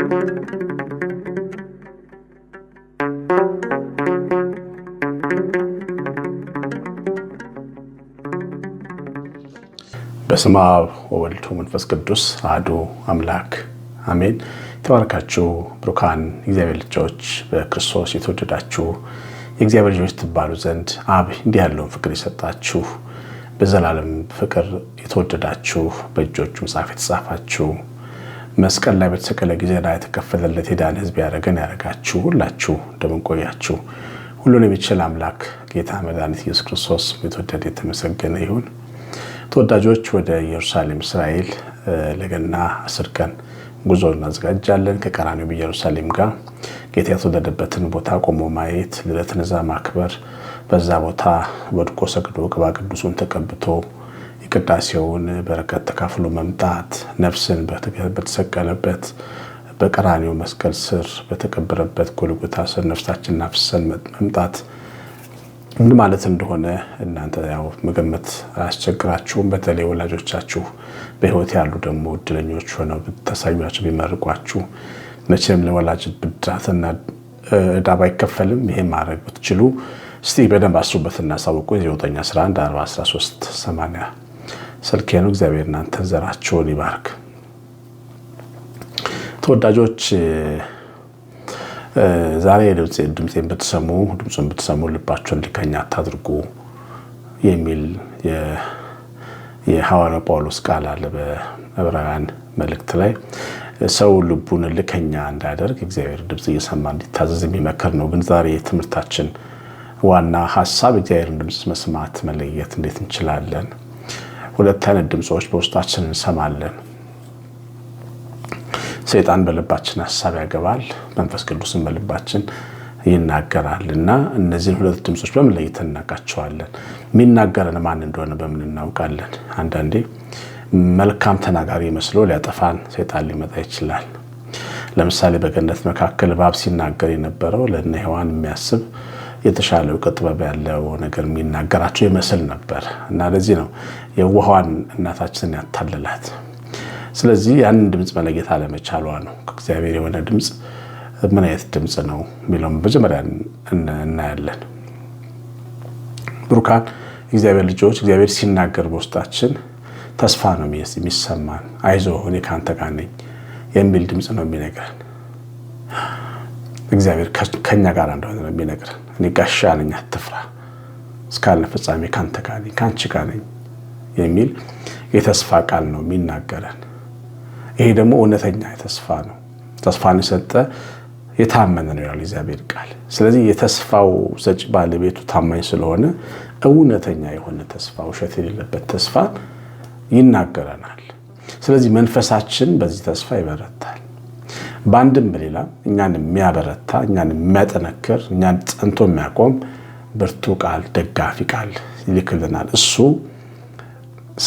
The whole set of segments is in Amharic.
በስመ አብ ወወልድ ወመንፈስ ቅዱስ አሐዱ አምላክ አሜን። የተባረካችሁ ብሩካን እግዚአብሔር ልጆች በክርስቶስ የተወደዳችሁ የእግዚአብሔር ልጆች ትባሉ ዘንድ አብ እንዲህ ያለውን ፍቅር የሰጣችሁ በዘላለም ፍቅር የተወደዳችሁ በእጆቹ መጽሐፍ የተጻፋችሁ መስቀል ላይ በተሰቀለ ጊዜ ላይ የተከፈለለት የዳን ህዝብ ያደረገን ያደረጋችሁ ሁላችሁ እንደምንቆያችሁ ሁሉን የሚችል አምላክ ጌታ መድኃኒት ኢየሱስ ክርስቶስ የተወደደ የተመሰገነ ይሁን። ተወዳጆች ወደ ኢየሩሳሌም እስራኤል ለገና አስር ቀን ጉዞ እናዘጋጃለን። ከቀራኒው በኢየሩሳሌም ጋር ጌታ የተወለደበትን ቦታ ቆሞ ማየት፣ ልደትን እዛ ማክበር፣ በዛ ቦታ ወድቆ ሰግዶ ቅባ ቅዱሱን ተቀብቶ ቅዳሴውን በረከት ተካፍሎ መምጣት ነፍስን በተሰቀለበት በቀራኔው መስቀል ስር በተቀበረበት ጎልጎታ ስር ነፍሳችን ናፍሰን መምጣት ምን ማለት እንደሆነ እናንተ ያው መገመት አያስቸግራችሁም። በተለይ ወላጆቻችሁ በህይወት ያሉ ደግሞ እድለኞች ሆነው ብታሳዩቸው ቢመርቋችሁ። መቼም ለወላጅ ብድራትና እዳ ባይከፈልም ይህም ማድረግ ብትችሉ እስቲ በደንብ አስሩበትና አሳውቁ 911 413 80 ስልኬ ነው። እግዚአብሔር እናንተ ዘራችሁን ይባርክ። ተወዳጆች ዛሬ ድምፄን ብትሰሙ ድምፁን ብትሰሙ ልባችሁን እንዲከኛ አታድርጉ የሚል የሐዋርያው ጳውሎስ ቃል አለ በዕብራውያን መልእክት ላይ ሰው ልቡን ልከኛ እንዳያደርግ እግዚአብሔር ድምፅ እየሰማ እንዲታዘዝ የሚመክር ነው። ግን ዛሬ የትምህርታችን ዋና ሀሳብ እግዚአብሔርን ድምፅ መስማት መለየት እንዴት እንችላለን ሁለት አይነት ድምፆች በውስጣችን እንሰማለን። ሰይጣን በልባችን ሀሳብ ያገባል፣ መንፈስ ቅዱስን በልባችን ይናገራል እና እነዚህን ሁለት ድምፆች በምን ለይተን እናውቃቸዋለን? የሚናገረን ማን እንደሆነ በምን እናውቃለን? አንዳንዴ መልካም ተናጋሪ መስሎ ሊያጠፋን ሰይጣን ሊመጣ ይችላል። ለምሳሌ በገነት መካከል እባብ ሲናገር የነበረው ለእነ ሔዋን የሚያስብ የተሻለ እውቀት ጥበብ ያለው ነገር የሚናገራቸው ይመስል ነበር እና ለዚህ ነው የውሃዋን እናታችንን ያታለላት። ስለዚህ ያንን ድምፅ መለየት አለመቻሏ ነው። ከእግዚአብሔር የሆነ ድምፅ ምን አይነት ድምፅ ነው የሚለውን መጀመሪያ እናያለን። ብሩካን እግዚአብሔር ልጆች፣ እግዚአብሔር ሲናገር በውስጣችን ተስፋ ነው የሚሰማን። አይዞ እኔ ከአንተ ጋር ነኝ የሚል ድምፅ ነው የሚነግረን። እግዚአብሔር ከኛ ጋር እንደሆነ ነው የሚነግረን። እኔ ጋሻ ነኝ፣ አትፍራ፣ እስካለ ፍጻሜ ካንተ ጋር ነኝ፣ ከአንቺ ጋር ነኝ የሚል የተስፋ ቃል ነው የሚናገረን። ይሄ ደግሞ እውነተኛ የተስፋ ነው። ተስፋን የሰጠ የታመነ ነው ይላል እግዚአብሔር ቃል። ስለዚህ የተስፋው ሰጭ ባለቤቱ ታማኝ ስለሆነ እውነተኛ የሆነ ተስፋ፣ ውሸት የሌለበት ተስፋ ይናገረናል። ስለዚህ መንፈሳችን በዚህ ተስፋ ይበረታል። በአንድም በሌላ እኛን የሚያበረታ እኛን የሚያጠነክር እኛን ጸንቶ የሚያቆም ብርቱ ቃል ደጋፊ ቃል ይልክልናል። እሱ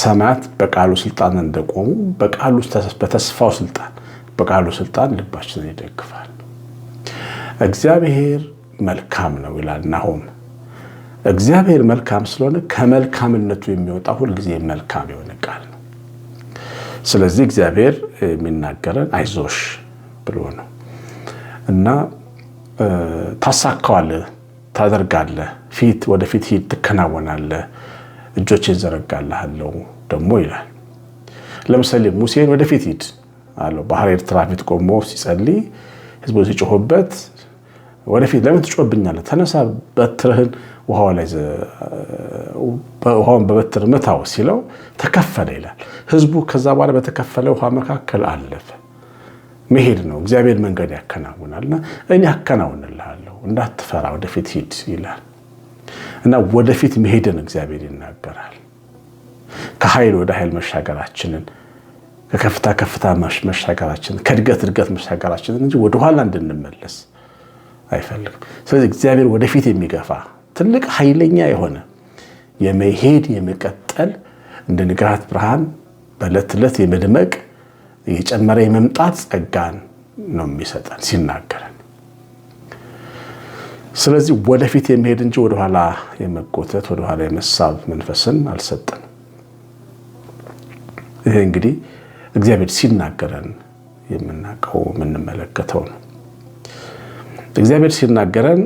ሰማያት በቃሉ ስልጣን እንደቆሙ በቃሉ በተስፋው ስልጣን በቃሉ ስልጣን ልባችንን ይደግፋል። እግዚአብሔር መልካም ነው ይላል ናሆም። እግዚአብሔር መልካም ስለሆነ ከመልካምነቱ የሚወጣ ሁልጊዜ መልካም የሆነ ቃል ነው። ስለዚህ እግዚአብሔር የሚናገረን አይዞሽ ብሎ ነው እና ታሳካዋለህ፣ ታደርጋለህ፣ ፊት ወደፊት ሂድ፣ ትከናወናለህ፣ እጆች ይዘረጋልሃለው ደግሞ ይላል። ለምሳሌ ሙሴን ወደፊት ሂድ አለው። ባህር ኤርትራ ፊት ቆሞ ሲጸልይ ህዝቡ ሲጮሁበት ወደፊት ለምን ትጮህብኛለህ? ተነሳ፣ በትርህን ውሃው ላይ ውሃውን በበትር ምታው ሲለው ተከፈለ ይላል። ህዝቡ ከዛ በኋላ በተከፈለ ውሃ መካከል አለፈ። መሄድ ነው። እግዚአብሔር መንገድ ያከናውናልና እኔ ያከናውንልሃለሁ እንዳትፈራ ወደፊት ሂድ ይላል እና ወደፊት መሄድን እግዚአብሔር ይናገራል። ከኃይል ወደ ኃይል መሻገራችንን ከከፍታ ከፍታ መሻገራችን ከእድገት እድገት መሻገራችንን እንጂ ወደኋላ እንድንመለስ አይፈልግም። ስለዚህ እግዚአብሔር ወደፊት የሚገፋ ትልቅ ኃይለኛ የሆነ የመሄድ የመቀጠል እንደ ንጋት ብርሃን በዕለት ዕለት የመድመቅ እየጨመረ የመምጣት ጸጋን ነው የሚሰጠን ሲናገረን። ስለዚህ ወደፊት የመሄድ እንጂ ወደኋላ የመጎተት ወደኋላ የመሳብ መንፈስን አልሰጠንም። ይህ እንግዲህ እግዚአብሔር ሲናገረን የምናውቀው የምንመለከተው ነው። እግዚአብሔር ሲናገረን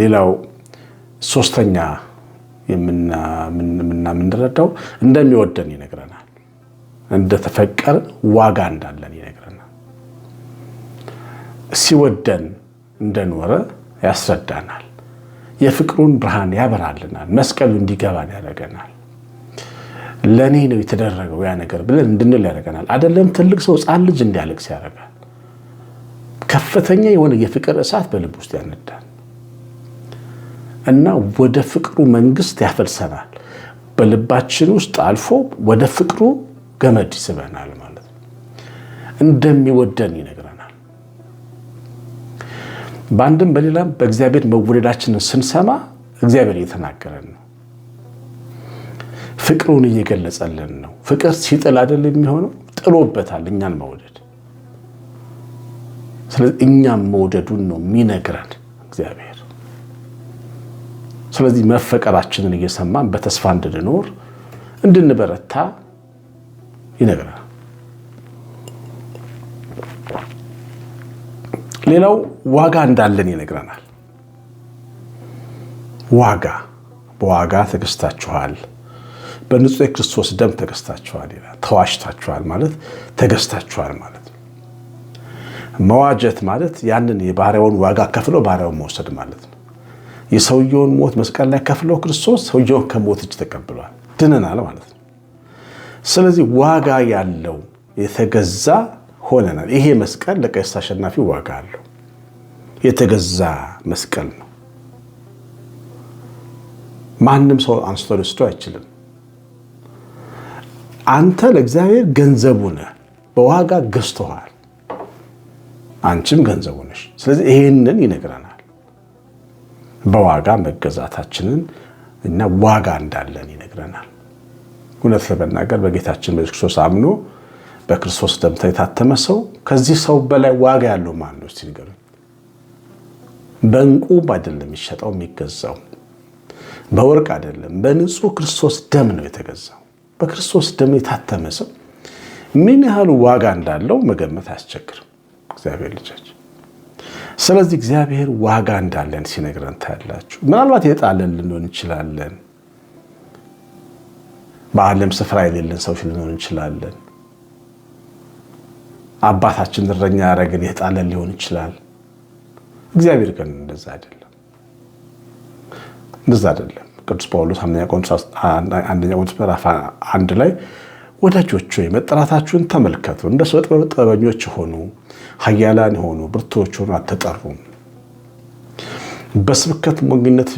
ሌላው ሶስተኛ የምንረዳው እንደሚወደን ይነግረናል። እንደተፈቀረ ዋጋ እንዳለን ይነግረናል። ሲወደን እንደኖረ ያስረዳናል። የፍቅሩን ብርሃን ያበራልናል። መስቀሉ እንዲገባን ያደርገናል። ለእኔ ነው የተደረገው ያ ነገር ብለን እንድንል ያደርገናል። አይደለም ትልቅ ሰው ህፃን ልጅ እንዲያለቅስ ያደርጋል። ከፍተኛ የሆነ የፍቅር እሳት በልብ ውስጥ ያነዳል እና ወደ ፍቅሩ መንግስት ያፈልሰናል። በልባችን ውስጥ አልፎ ወደ ፍቅሩ ገመድ ይስበናል ማለት ነው። እንደሚወደን ይነግረናል። በአንድም በሌላም በእግዚአብሔር መወደዳችንን ስንሰማ እግዚአብሔር እየተናገረን ነው። ፍቅሩን እየገለጸልን ነው። ፍቅር ሲጥል አይደል የሚሆነው? ጥሎበታል እኛን መውደድ። ስለዚህ እኛም መውደዱን ነው የሚነግረን እግዚአብሔር። ስለዚህ መፈቀራችንን እየሰማን በተስፋ እንድንኖር እንድንበረታ ይነግራል። ሌላው ዋጋ እንዳለን ይነግረናል። ዋጋ በዋጋ ተገዝታችኋል፣ በንጹ የክርስቶስ ደም ተገዝታችኋል ይላል። ተዋሽታችኋል ማለት ተገዝታችኋል ማለት ነው። መዋጀት ማለት ያንን የባሪያውን ዋጋ ከፍሎ ባሪያውን መውሰድ ማለት ነው። የሰውየውን ሞት መስቀል ላይ ከፍሎ ክርስቶስ ሰውየውን ከሞት እጅ ተቀብሏል፣ ድነናል ማለት ነው። ስለዚህ ዋጋ ያለው የተገዛ ሆነናል። ይሄ መስቀል ለቀሲስ አሸናፊ ዋጋ አለው። የተገዛ መስቀል ነው። ማንም ሰው አንስቶ ልስቶ አይችልም። አንተ ለእግዚአብሔር ገንዘቡ ነህ፣ በዋጋ ገዝቶሃል። አንቺም ገንዘቡ ነሽ። ስለዚህ ይሄንን ይነግረናል። በዋጋ መገዛታችንን እና ዋጋ እንዳለን ይነግረናል። እውነት ለመናገር በጌታችን በኢየሱስ ክርስቶስ አምኖ በክርስቶስ ደምታ የታተመ ሰው ከዚህ ሰው በላይ ዋጋ ያለው ማን ነው? እስቲ ንገሩኝ። በእንቁ አይደለም የሚሸጠው የሚገዛው፣ በወርቅ አይደለም፣ በንጹህ ክርስቶስ ደም ነው የተገዛው። በክርስቶስ ደም የታተመ ሰው ምን ያህል ዋጋ እንዳለው መገመት አያስቸግርም። እግዚአብሔር ልጆች ስለዚህ እግዚአብሔር ዋጋ እንዳለን ሲነግረን ታያላችሁ። ምናልባት የጣለን ልንሆን እንችላለን በዓለም ስፍራ የሌለን ሰዎች ልንሆን እንችላለን። አባታችን እረኛ ያረግን የጣለን ሊሆን ይችላል። እግዚአብሔር ግን እንደዛ አይደለም፣ እንደዛ አይደለም። ቅዱስ ጳውሎስ አንደኛ ቆሮንቶስ ምዕራፍ አንድ ላይ ወዳጆች ሆይ መጠራታችሁን ተመልከቱ፣ እንደ ሰው ጥበበኞች ሆኑ፣ ኃያላን የሆኑ ብርቶች ሆኑ አልተጠሩም። በስብከት ሞኝነት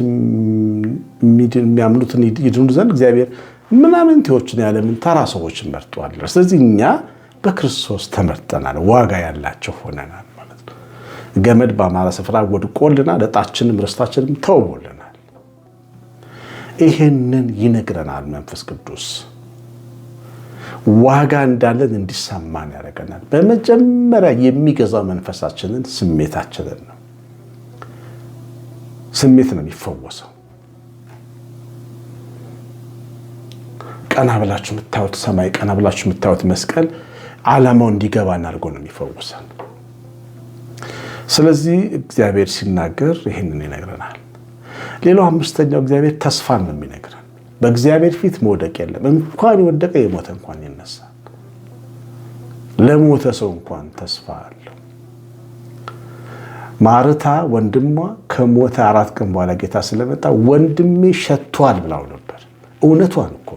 የሚያምኑትን ይድኑ ዘንድ እግዚአብሔር ምናምንቴዎችን ያለምን ተራ ሰዎችን መርጧል። ስለዚህ እኛ በክርስቶስ ተመርጠናል፣ ዋጋ ያላቸው ሆነናል ማለት ነው። ገመድ በአማራ ስፍራ ወድቆልናል፣ ለጣችንም ርስታችንም ተውቦልናል። ይሄንን ይነግረናል መንፈስ ቅዱስ። ዋጋ እንዳለን እንዲሰማን ያደርገናል። በመጀመሪያ የሚገዛው መንፈሳችንን ስሜታችንን ነው። ስሜት ነው የሚፈወሰው። ቀና ብላችሁ የምታዩት ሰማይ፣ ቀና ብላችሁ የምታዩት መስቀል ዓላማው እንዲገባ አድርጎ ነው የሚፈውሰን። ስለዚህ እግዚአብሔር ሲናገር ይህንን ይነግረናል። ሌላው አምስተኛው እግዚአብሔር ተስፋ ነው የሚነግረን። በእግዚአብሔር ፊት መውደቅ የለም። እንኳን የወደቀ የሞተ እንኳን ይነሳል። ለሞተ ሰው እንኳን ተስፋ አለው። ማርታ ወንድሟ ከሞተ አራት ቀን በኋላ ጌታ ስለመጣ ወንድሜ ሸቷል ብላው ነበር። እውነቷን እኮ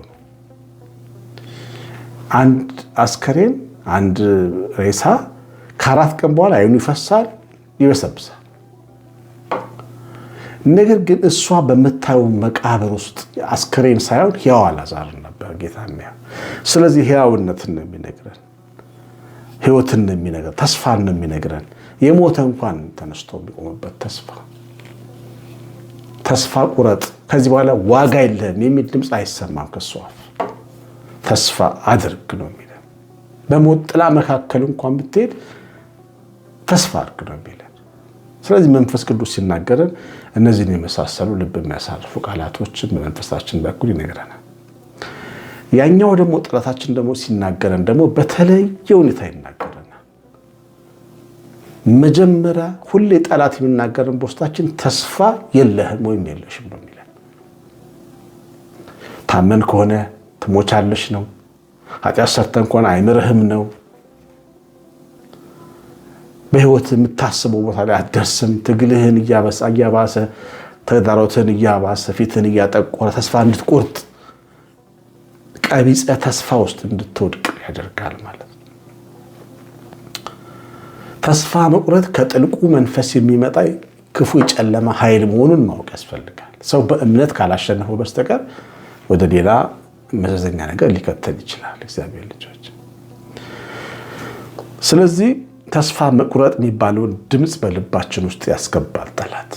አንድ አስከሬን አንድ ሬሳ ከአራት ቀን በኋላ አይኑ ይፈሳል፣ ይበሰብሳል። ነገር ግን እሷ በምታዩ መቃብር ውስጥ አስከሬን ሳይሆን ሕያው አላዛርን ነበር ጌታ ሚያ ስለዚህ ሕያውነትን ነው የሚነግረን፣ ህይወትን ነው የሚነግረን፣ ተስፋን ነው የሚነግረን። የሞተ እንኳን ተነስቶ የሚቆምበት ተስፋ ተስፋ ቁረጥ፣ ከዚህ በኋላ ዋጋ የለህም የሚል ድምፅ አይሰማም ከሷፍ ተስፋ አድርግ ነው የሚለ። በሞት ጥላ መካከል እንኳን ብትሄድ ተስፋ አድርግ ነው የሚለ። ስለዚህ መንፈስ ቅዱስ ሲናገረን እነዚህን የመሳሰሉ ልብ የሚያሳርፉ ቃላቶችን በመንፈሳችን በኩል ይነግረናል። ያኛው ደግሞ ጥረታችን ደግሞ ሲናገረን ደግሞ በተለየ ሁኔታ ይናገረናል። መጀመሪያ ሁሌ ጠላት የሚናገረን በውስጣችን ተስፋ የለህም ወይም የለሽም ነው የሚለን ታመን ከሆነ ትሞቻለሽ ነው። ኃጢአት ሰርተ እንኳን አይምርህም ነው። በህይወት የምታስበው ቦታ ላይ አትደርስም። ትግልህን እያባሰ ተዳሮትን እያባሰ ፊትን እያጠቆረ ተስፋ እንድትቆርጥ ቀቢፀ ተስፋ ውስጥ እንድትወድቅ ያደርጋል ማለት ነው። ተስፋ መቁረጥ ከጥልቁ መንፈስ የሚመጣ ክፉ የጨለማ ኃይል መሆኑን ማወቅ ያስፈልጋል። ሰው በእምነት ካላሸነፈው በስተቀር ወደ ሌላ መዘዘኛ ነገር ሊከተል ይችላል። እግዚአብሔር ልጆች፣ ስለዚህ ተስፋ መቁረጥ የሚባለውን ድምፅ በልባችን ውስጥ ያስገባል ጠላት።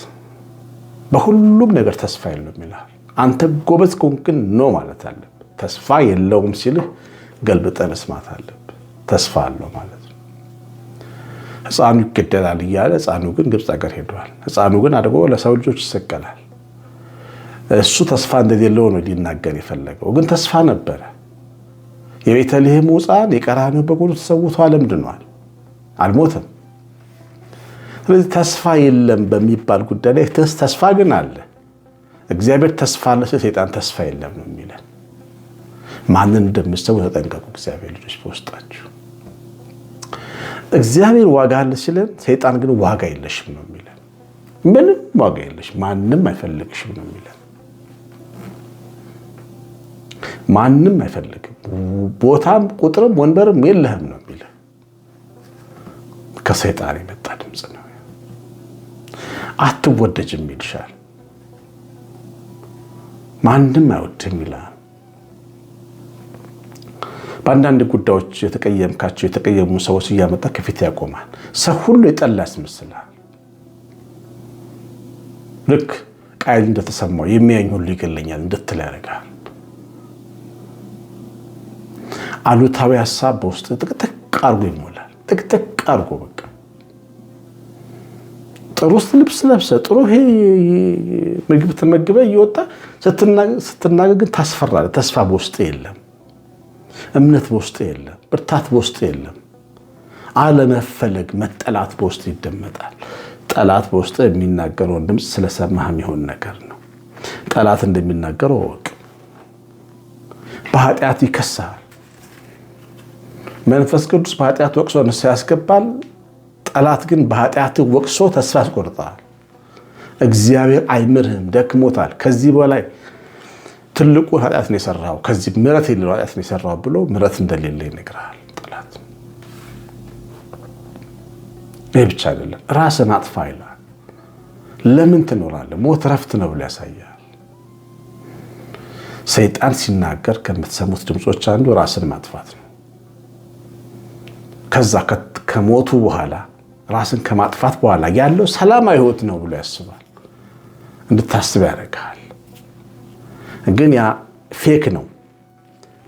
በሁሉም ነገር ተስፋ የለውም ይላል። አንተ ጎበዝ ከሆንክ ኖ ማለት አለብ። ተስፋ የለውም ሲልህ ገልብጠ መስማት አለብ። ተስፋ አለው ማለት ነው። ህፃኑ ይገደላል እያለ ህፃኑ ግን ግብፅ ሀገር ሄደዋል። ህፃኑ ግን አድጎ ለሰው ልጆች ይሰቀላል። እሱ ተስፋ እንደሌለው ነው ሊናገር የፈለገው። ግን ተስፋ ነበረ። የቤተልሔም ሕፃን የቀራንዮ በጎች ተሰውቶ ዓለም አልሞተም። ስለዚህ ተስፋ የለም በሚባል ጉዳይ ላይ ተስፋ ግን አለ። እግዚአብሔር ተስፋ አለ ሲል ሰይጣን ተስፋ የለም ነው የሚለን። ማንን እንደምትሰው ተጠንቀቁ። እግዚአብሔር ልጆች በውስጣችሁ እግዚአብሔር ዋጋ አለ ሲለን፣ ሰይጣን ግን ዋጋ የለሽም ነው የሚለን። ምንም ዋጋ የለሽ፣ ማንም አይፈልግሽም ነው የሚለን። ማንም አይፈልግም። ቦታም ቁጥርም ወንበርም የለህም ነው የሚል ከሰይጣን የመጣ ድምፅ ነው። አትወደጅም ይልሻል። ማንም አይወድህም ይላል። በአንዳንድ ጉዳዮች የተቀየምካቸው የተቀየሙ ሰዎች እያመጣ ከፊት ያቆማል። ሰው ሁሉ የጠላ ያስመስላል። ልክ ቃየል እንደተሰማው የሚያኝ ሁሉ ይገለኛል እንድትል ያደርጋል። አሉታዊ ሀሳብ በውስጥ ጥቅጥቅ አርጎ ይሞላል። ጥቅጥቅ አርጎ በቃ ጥሩ ልብስ ለብሰ ጥሩ ምግብ ተመግበ እየወጣ ስትናገር ግን ታስፈራለህ። ተስፋ በውስጥ የለም። እምነት በውስጥ የለም። ብርታት በውስጥ የለም። አለመፈለግ፣ መጠላት በውስጥ ይደመጣል። ጠላት በውስጥ የሚናገረውን ድምፅ ስለሰማህ የሚሆን ነገር ነው። ጠላት እንደሚናገረው እወቅ። በኃጢአት ይከሳል። መንፈስ ቅዱስ በኃጢአት ወቅሶ ንስሐ ያስገባል። ጠላት ግን በኃጢአት ወቅሶ ተስፋ ያስቆርጠዋል። እግዚአብሔር አይምርህም፣ ደክሞታል፣ ከዚህ በላይ ትልቁን ኃጢአት ነው የሰራው፣ ከዚህ ምረት የሌለው ኃጢአት ነው የሰራው ብሎ ምረት እንደሌለ ይነግራል ጠላት። ይህ ብቻ አይደለም፣ ራስን አጥፋ ይላል። ለምን ትኖራለህ? ሞት ረፍት ነው ብሎ ያሳያል። ሰይጣን ሲናገር ከምትሰሙት ድምፆች አንዱ ራስን ማጥፋት ነው። ከዛ ከሞቱ በኋላ ራስን ከማጥፋት በኋላ ያለው ሰላማዊ ህይወት ነው ብሎ ያስባል። እንድታስብ ያደርግሃል። ግን ያ ፌክ ነው፣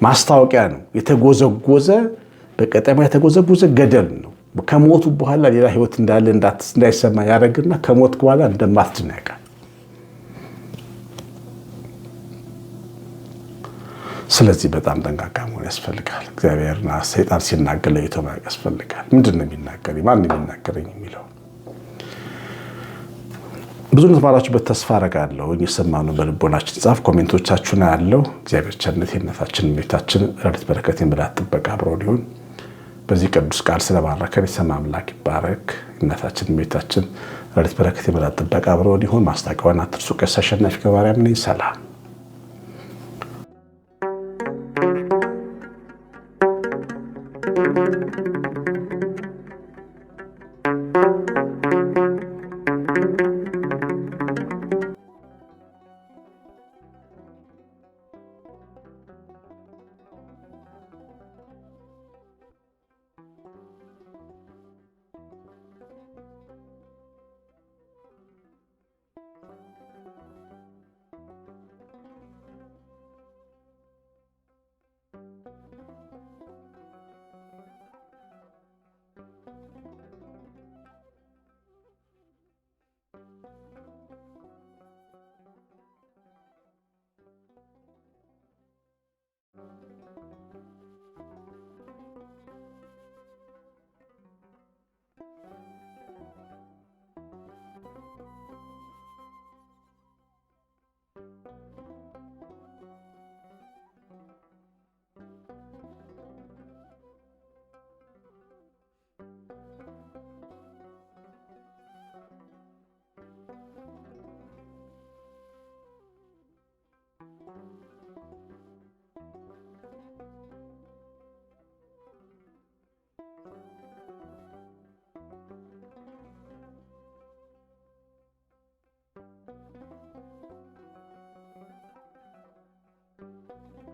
ማስታወቂያ ነው። የተጎዘጎዘ በቀጠማ የተጎዘጎዘ ገደል ነው። ከሞቱ በኋላ ሌላ ህይወት እንዳለ እንዳይሰማ ያደርግና ከሞት በኋላ እንደማትድን ያውቃል። ስለዚህ በጣም ጠንቃቃ መሆን ያስፈልጋል። እግዚአብሔርና ሰይጣን ሲናገር ለይቶ ማወቅ ያስፈልጋል። ምንድን ነው የሚናገረኝ? ማን የሚናገረኝ የሚለው ብዙ እንደተማራችሁበት ተስፋ አረጋለሁ። የሰማነውን በልቦናችን ጻፍ። ኮሜንቶቻችሁን ያለው እግዚአብሔር ቸርነት የነታችን ቤታችን ረድኤት በረከት የምላት ጥበቃ አብሮ ሊሆን በዚህ ቅዱስ ቃል ስለባረከን የሰማ አምላክ ይባረክ። እናታችን ቤታችን ረድኤት በረከት የምላት ጥበቃ አብሮ ሊሆን ማስታቀዋን አትርሱ። ቀሲስ አሸናፊ ገብረማርያም ነኝ። ሰላም thank you thank you